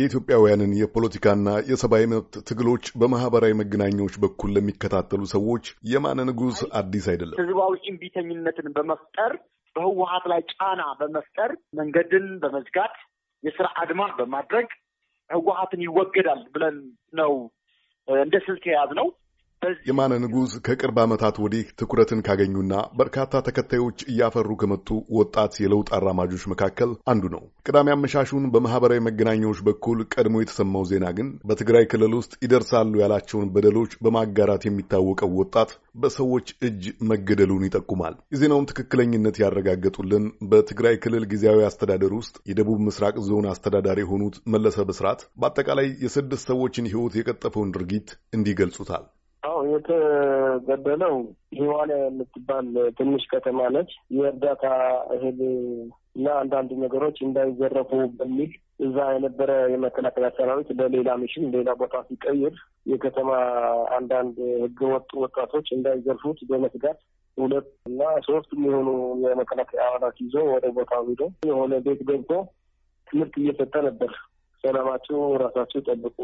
የኢትዮጵያውያንን የፖለቲካና የሰብአዊ መብት ትግሎች በማህበራዊ መገናኛዎች በኩል ለሚከታተሉ ሰዎች የማነ ንጉሥ አዲስ አይደለም። ህዝባዊ እምቢተኝነትን በመፍጠር በህወሀት ላይ ጫና በመፍጠር መንገድን በመዝጋት የስራ አድማ በማድረግ ህወሀትን ይወገዳል ብለን ነው እንደ ስልት የያዝ ነው። የማነ ንጉሥ ከቅርብ ዓመታት ወዲህ ትኩረትን ካገኙና በርካታ ተከታዮች እያፈሩ ከመጡ ወጣት የለውጥ አራማጆች መካከል አንዱ ነው። ቅዳሜ አመሻሹን በማህበራዊ መገናኛዎች በኩል ቀድሞ የተሰማው ዜና ግን በትግራይ ክልል ውስጥ ይደርሳሉ ያላቸውን በደሎች በማጋራት የሚታወቀው ወጣት በሰዎች እጅ መገደሉን ይጠቁማል። የዜናውን ትክክለኝነት ያረጋገጡልን በትግራይ ክልል ጊዜያዊ አስተዳደር ውስጥ የደቡብ ምስራቅ ዞን አስተዳዳሪ የሆኑት መለሰ ብስራት በአጠቃላይ የስድስት ሰዎችን ሕይወት የቀጠፈውን ድርጊት እንዲህ ገልጹታል። የተገደለው ሂዋና የምትባል ትንሽ ከተማ ነች። የእርዳታ እህል እና አንዳንድ ነገሮች እንዳይዘረፉ በሚል እዛ የነበረ የመከላከያ ሰራዊት ለሌላ ሚሽን ሌላ ቦታ ሲቀይር የከተማ አንዳንድ ህገወጥ ወጣቶች እንዳይዘርፉት በመስጋት ሁለት እና ሶስት የሚሆኑ የመከላከያ አባላት ይዞ ወደ ቦታው ሄዶ የሆነ ቤት ገብቶ ትምህርት እየሰጠ ነበር። ሰላማችሁ ራሳችሁ ጠብቁ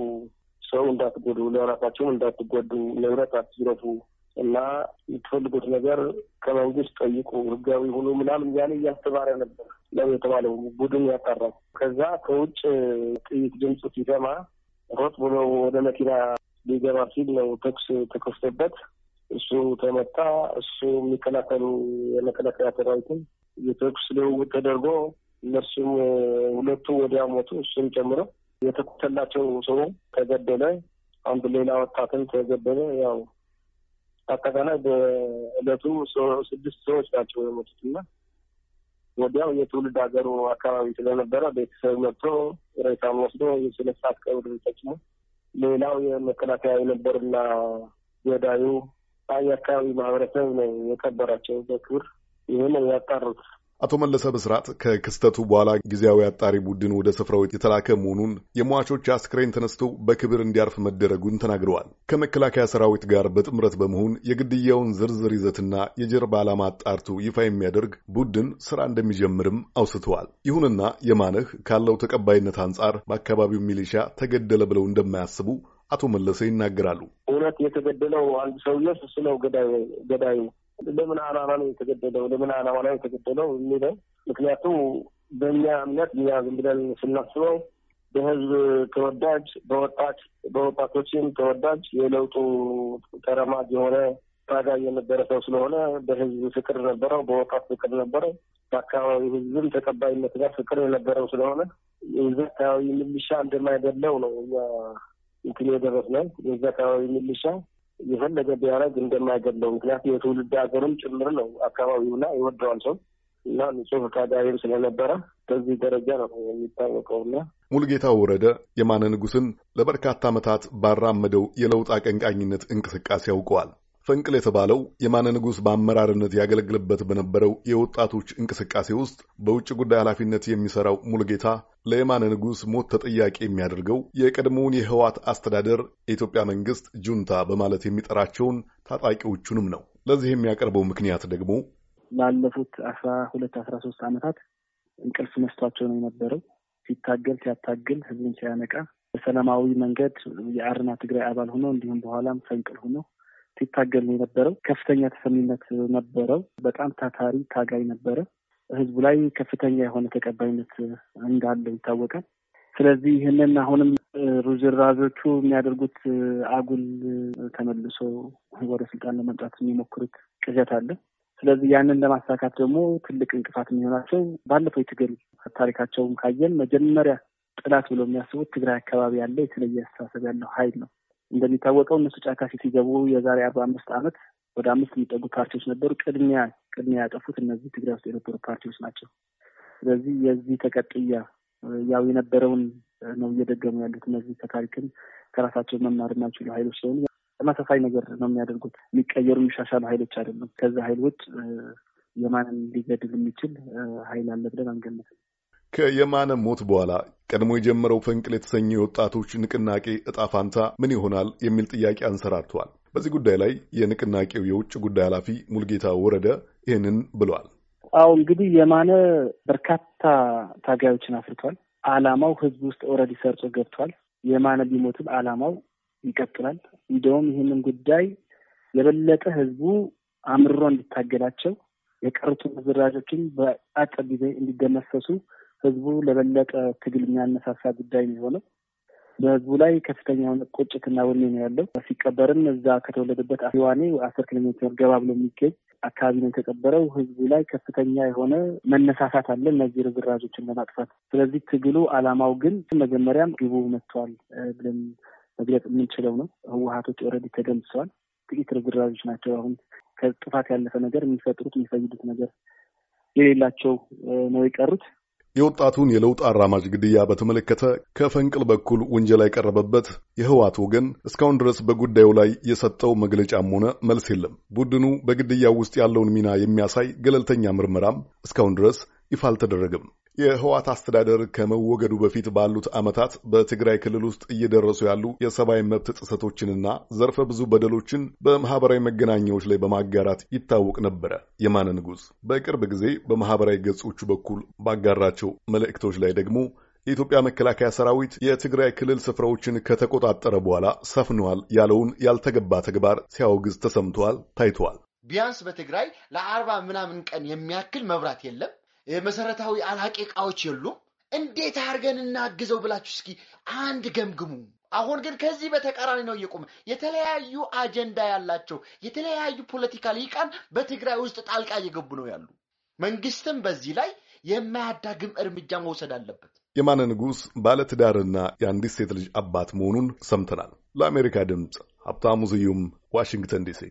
ሰው እንዳትጎዱ፣ ለራሳቸውም እንዳትጎዱ፣ ንብረት አትዝረፉ እና የምትፈልጉት ነገር ከመንግስት ጠይቁ ህጋዊ ሁኑ ምናምን ያን እያስተማረ ነበር ነው የተባለው ቡድን ያጣራው። ከዛ ከውጭ ጥይት ድምፅ ሲሰማ ሮጥ ብሎ ወደ መኪና ሊገባ ሲል ነው ተኩስ ተከፍቶበት እሱ ተመታ። እሱ የሚከላከሉ የመከላከያ ሰራዊትም የተኩስ ልውውጥ ተደርጎ እነሱም ሁለቱ ወዲያ ሞቱ፣ እሱም ጨምሮ የተኮሰላቸው ሰው ተገደለ። አንድ ሌላ ወጣትን ተገደለ። ያው አጠቃላይ በእለቱ ስድስት ሰዎች ናቸው የሞቱት እና ወዲያው የትውልድ ሀገሩ አካባቢ ስለነበረ ቤተሰብ መጥቶ ሬሳን ወስዶ የስለት ሰዓት ቀብር ተጭሞ ሌላው የመከላከያ የነበርና ገዳዩ አካባቢ ማህበረሰብ ነው የቀበራቸው በክብር ይህን ያጣሩት። አቶ መለሰ በስርዓት ከክስተቱ በኋላ ጊዜያዊ አጣሪ ቡድን ወደ ስፍራው የተላከ መሆኑን የሟቾች አስክሬን ተነስቶ በክብር እንዲያርፍ መደረጉን ተናግረዋል። ከመከላከያ ሰራዊት ጋር በጥምረት በመሆን የግድያውን ዝርዝር ይዘትና የጀርባ ዓላማ አጣርቶ ይፋ የሚያደርግ ቡድን ስራ እንደሚጀምርም አውስተዋል። ይሁንና የማነህ ካለው ተቀባይነት አንጻር በአካባቢው ሚሊሻ ተገደለ ብለው እንደማያስቡ አቶ መለሰ ይናገራሉ። እውነት የተገደለው አንድ ሰውዬው እሱ ነው ገዳዩ። ለምን አላማ ነው የተገደለው? ለምን አላማ ነው የተገደለው የሚለው ምክንያቱም በእኛ እምነት እኛ ዝም ብለን ስናስበው በህዝብ ተወዳጅ በወጣት በወጣቶችም ተወዳጅ የለውጡ ተረማጅ የሆነ ታጋይ የነበረ ሰው ስለሆነ በህዝብ ፍቅር ነበረው፣ በወጣት ፍቅር ነበረው። በአካባቢ ህዝብም ተቀባይነት ጋር ፍቅር የነበረው ስለሆነ የዚ አካባቢ ምልሻ እንደማይገድለው ነው እኛ እንትን የደረስናል። የዚ አካባቢ ሚሊሻ የፈለገ ቢያረግ እንደማይገድለው ምክንያት የትውልድ ሀገርም ጭምር ነው አካባቢውና ይወደዋል ሰው እና ንጹህ ፈቃዳዊም ስለነበረ በዚህ ደረጃ ነው የሚታወቀውና ሙልጌታ ወረደ የማነ ንጉስን ለበርካታ ዓመታት ባራመደው የለውጥ አቀንቃኝነት እንቅስቃሴ አውቀዋል። ፈንቅል የተባለው የማነ ንጉሥ በአመራርነት ያገለግልበት በነበረው የወጣቶች እንቅስቃሴ ውስጥ በውጭ ጉዳይ ኃላፊነት የሚሰራው ሙሉጌታ ለየማነ ንጉሥ ሞት ተጠያቂ የሚያደርገው የቀድሞውን የህዋት አስተዳደር የኢትዮጵያ መንግስት ጁንታ በማለት የሚጠራቸውን ታጣቂዎቹንም ነው። ለዚህ የሚያቀርበው ምክንያት ደግሞ ላለፉት አስራ ሁለት አስራ ሶስት ዓመታት እንቅልፍ መስቷቸው ነው የነበረው። ሲታገል ሲያታግል ህዝብን ሲያነቃ በሰላማዊ መንገድ የአርና ትግራይ አባል ሆኖ እንዲሁም በኋላም ፈንቅል ሆኖ ሲታገል ነው የነበረው። ከፍተኛ ተሰሚነት ነበረው። በጣም ታታሪ ታጋይ ነበረ። ህዝቡ ላይ ከፍተኛ የሆነ ተቀባይነት እንዳለው ይታወቃል። ስለዚህ ይህንን አሁንም ሩዝራዦቹ የሚያደርጉት አጉል ተመልሶ ወደ ስልጣን ለመምጣት የሚሞክሩት ቅዠት አለ። ስለዚህ ያንን ለማሳካት ደግሞ ትልቅ እንቅፋት የሚሆናቸው ባለፈው የትግል ታሪካቸውን ካየን መጀመሪያ ጥላት ብሎ የሚያስቡት ትግራይ አካባቢ ያለ የተለየ አስተሳሰብ ያለው ኃይል ነው። እንደሚታወቀው እነሱ ጫካ ሲገቡ የዛሬ አርባ አምስት ዓመት ወደ አምስት የሚጠጉ ፓርቲዎች ነበሩ። ቅድሚያ ቅድሚያ ያጠፉት እነዚህ ትግራይ ውስጥ የነበሩ ፓርቲዎች ናቸው። ስለዚህ የዚህ ተቀጥያ ያው የነበረውን ነው እየደገሙ ያሉት። እነዚህ ከታሪክም ከራሳቸው መማር የማይችሉ ኃይሎች ስለሆኑ ተመሳሳይ ነገር ነው የሚያደርጉት። የሚቀየሩ የሚሻሻሉ ኃይሎች አይደሉም። ከዚ ኃይል ውጭ የማንን ሊገድል የሚችል ኃይል አለ ብለን አንገምትም። ከየማነ ሞት በኋላ ቀድሞ የጀመረው ፈንቅል የተሰኘ የወጣቶች ንቅናቄ እጣ ፋንታ ምን ይሆናል የሚል ጥያቄ አንሰራርቷል። በዚህ ጉዳይ ላይ የንቅናቄው የውጭ ጉዳይ ኃላፊ ሙልጌታ ወረደ ይህንን ብሏል። አዎ እንግዲህ የማነ በርካታ ታጋዮችን አፍርቷል። አላማው ህዝብ ውስጥ ኦልሬዲ ሰርጾ ገብቷል። የማነ ቢሞትም አላማው ይቀጥላል። እንደውም ይህንን ጉዳይ የበለጠ ህዝቡ አምርሮ እንዲታገላቸው የቀሩትን መዘራጆችን በአጭር ጊዜ እንዲደመሰሱ ህዝቡ ለበለቀ ትግል የሚያነሳሳ ጉዳይ ነው የሆነው። በህዝቡ ላይ ከፍተኛ የሆነ ቁጭትና ወኔ ነው ያለው። ሲቀበርም እዛ ከተወለደበት ዋኔ አስር ኪሎ ሜትር ገባ ብሎ የሚገኝ አካባቢ ነው የተቀበረው። ህዝቡ ላይ ከፍተኛ የሆነ መነሳሳት አለ እነዚህ ርዝራዞችን ለማጥፋት። ስለዚህ ትግሉ አላማው ግን መጀመሪያም ግቡ መጥተዋል ብለን መግለጽ የምንችለው ነው። ህወሀቶች ኦልሬዲ ተደምሰዋል። ጥቂት ርዝራዞች ናቸው አሁን ከጥፋት ያለፈ ነገር የሚፈጥሩት የሚፈይዱት ነገር የሌላቸው ነው የቀሩት። የወጣቱን የለውጥ አራማጅ ግድያ በተመለከተ ከፈንቅል በኩል ውንጀላ የቀረበበት የህዋት ወገን እስካሁን ድረስ በጉዳዩ ላይ የሰጠው መግለጫም ሆነ መልስ የለም። ቡድኑ በግድያው ውስጥ ያለውን ሚና የሚያሳይ ገለልተኛ ምርመራም እስካሁን ድረስ ይፋ አልተደረገም። የህዋት አስተዳደር ከመወገዱ በፊት ባሉት ዓመታት በትግራይ ክልል ውስጥ እየደረሱ ያሉ የሰብአዊ መብት ጥሰቶችንና ዘርፈ ብዙ በደሎችን በማህበራዊ መገናኛዎች ላይ በማጋራት ይታወቅ ነበረ። የማነ ንጉሥ በቅርብ ጊዜ በማህበራዊ ገጾቹ በኩል ባጋራቸው መልእክቶች ላይ ደግሞ የኢትዮጵያ መከላከያ ሰራዊት የትግራይ ክልል ስፍራዎችን ከተቆጣጠረ በኋላ ሰፍነዋል ያለውን ያልተገባ ተግባር ሲያወግዝ ተሰምተዋል ታይተዋል። ቢያንስ በትግራይ ለአርባ ምናምን ቀን የሚያክል መብራት የለም። መሰረታዊ አላቂ እቃዎች የሉም። እንዴት አድርገን እናግዘው ብላችሁ እስኪ አንድ ገምግሙ። አሁን ግን ከዚህ በተቃራኒ ነው እየቆመ የተለያዩ አጀንዳ ያላቸው የተለያዩ ፖለቲካ ሊቃን በትግራይ ውስጥ ጣልቃ እየገቡ ነው ያሉ። መንግስትም በዚህ ላይ የማያዳግም እርምጃ መውሰድ አለበት። የማነ ንጉሥ ባለትዳርና የአንዲት ሴት ልጅ አባት መሆኑን ሰምተናል። ለአሜሪካ ድምፅ ሀብታሙ ስዩም ዋሽንግተን ዲሲ